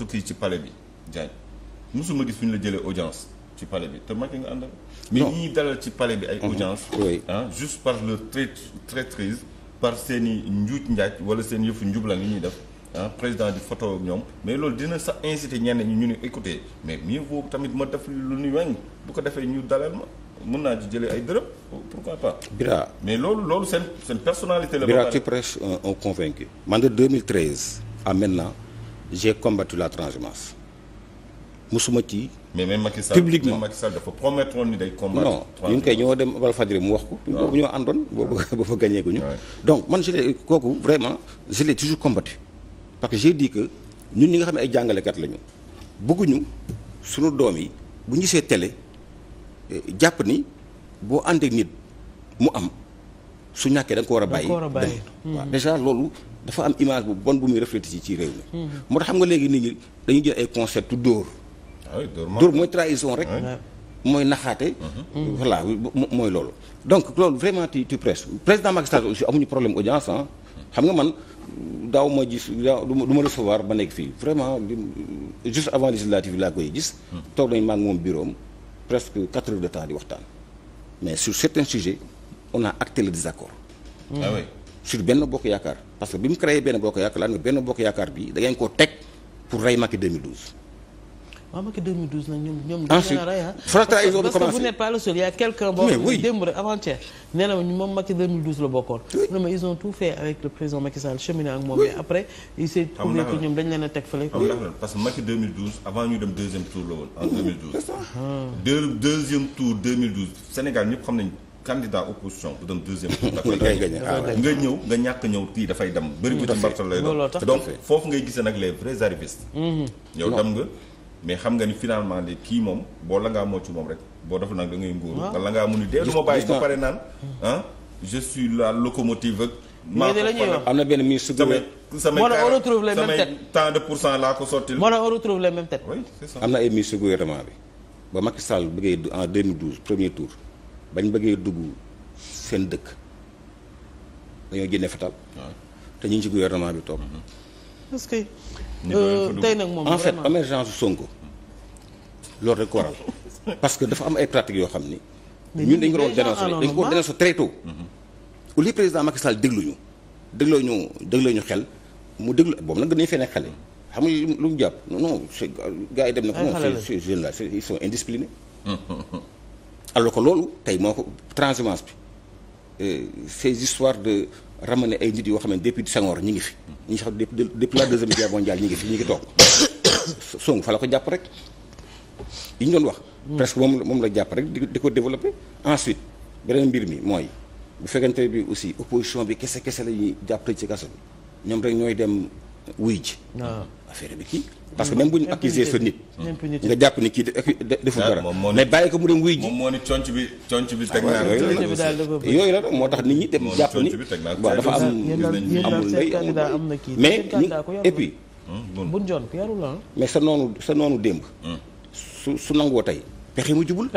tukki ci pale bi Diagne mosuma gis fu ñu la jëlee audience ci pale bi te Macky nga àndal. mais ñi dalal ci pale bi ay mhm. audience ah juste par leur trai traîtrise par seen i njuuj njaaj wala seen yëfu njubla yi ñuy def ah président di photo ñoom mais loolu dina sax incité ñenn ñi ñu ne écoutez mais mieux vaut tamit ma def lu ni weng bu ko defee ñu dalal ma. mën naa ci jëlee ay dërëm oh, pourquoi pas. Bira mais loolu loolu seen seen personalité la. Bira tu prêches un un convaincu. man de 2013 à maintenant. j'ai combattu la transhumance musuma ci. mais même Macky Sall publiquement Macky Sall dafa promettre ni day combattre non ñun kay ñoo dem Walfadjri mu wax ko. waaw boobu ñoo àndoon boobu boobu gagné donc man je kooku vraiment je l'ai toujours combattu parce que j'ai dit que ñun ñi nga xam ne ay jàngalekat lañu bëgguñu sunu doom yi bu ñu gisee télé eh, jàpp ni boo ànd nit mu am. su ñàkkee da nga ko war a bàyyi hmm. waaw déjà loolu dafa am image bu bon bu muy reflété ci réew mi hmm. moo tax xam nga léegi nit ñi dañu jël ay concept dóor ah dóor mooy trahison rek mooy naxaate hmm. voilà mooy loolu donc loolu vraiment tu tu presse président Macky Sall aussi amuñu problème audience ah xam nga man daaw ma gis daaw du ma recevoir ba nekk fii vraiment juste avant législative laa koy gis toog nañ maa ngi moom bureau am presque quatre heures de temps di waxtaan mais sur certains on a acté le désaccord. ah oui benn bokk yaakaar parce que bi mu créé benn bokk yaakaar laaj nga benn bokk yaakaar bi da ngeen ko teg pour rey Macky 2012. waaw Macky 2012 nag ñoom ñoom. ensuite ah. Fratra ils ont commencé parce que vous n'êtes pas le seul il y a quelqu'un boo xam ne démb la bokkoon. ils ont tout fait avec le président Macky Sall ak moom. mais après il s'est leen a teg fële. parce que Macky 2012 avant ñu dem deuxième tour la woon en 2012. Ah. deux deuxième Sénégal ñëpp xam nañu. candidat opposition bu doon deuxième tour dafay gagné ah nga ñëw nga ñàkk ñëw tii dafay dem bëri bu dem bartal lay donc foofu ngay gisee nag les vrais mm-hmm. yow dem nga mais xam nga ni finalement de kii moom boo la ngaa moo ci moom rek boo def nag da ngay ah. nga la ngaa munu dee du ma bàyyi ba pare naan ah je locomotive ak maa am de pour cent laa ko sottil moo on retrouve les mêmes têtes oui c'est ça am na ay ministre gouvernement bi ba Macky Sall bëggee en 2012 bañ bëggee dugg seen dëkk dañoo jënne fetal te ñu ngi ci gouvernement bi toog. parce mm-hmm. que euh, tey nag moom en fait émergence Sonko loolu rek ko waral parce que dafa am ay pratiques yoo xam ni. ñun dañ ko doon dénoncé dañ ko dénoncé très tôt. Mm-hmm. au lieu président Macky Sall déglu ñu dégloo ñu dégloo ñu xel mu déglu boobu nag gën nañu fee xale. Mm-hmm. xam nga lu mu jàpp non non gars yi dem na ko. ay xale la non ces jeunes là alors que loolu tey moo ko transhumance bi euh, ces histoires de ramener ay nit yoo xam ne depuis Senghor ñi ngi fi ñi xam depuis la deuxième guerre mondiale ñi ngi fi ñi ngi toog Sonko fa la ko jàpp rek yi ñu doon wax presque moom moom la jàpp rek di ko développer ensuite beneen mbir mi mooy bu fekkente bi aussi opposition bi kese kese la ñuy jàpp tëj ci kaso bi ñoom rek ñooy dem wuy ji. Ah. affaire bi kii parce que même bu ñu accuser sa nit. nga jàpp ni kii deful dara. mais bàyyi ko mu dem wuy ji. Ah, yooyu la moo tax nit ñi dem jàpp ni waaw dafa amul lay mais et hmm, ah. mais sa noonu sa noonu démb. Hmm. su su nangoo tey pexe mu jubul.